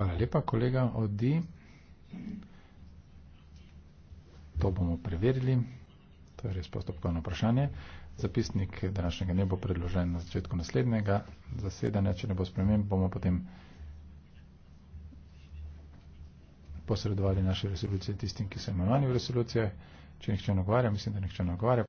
Hvala lepa, kolega Odi. To bomo preverili. To je res postopkovno vprašanje. Zapisnik današnjega ne bo predložen na začetku naslednjega zasedanja. Če ne bo spremem, bomo potem posredovali naše resolucije tistim, ki so imenovani v resolucije. Če nihče ne ogovarja, mislim, da nihče ne ogovarja.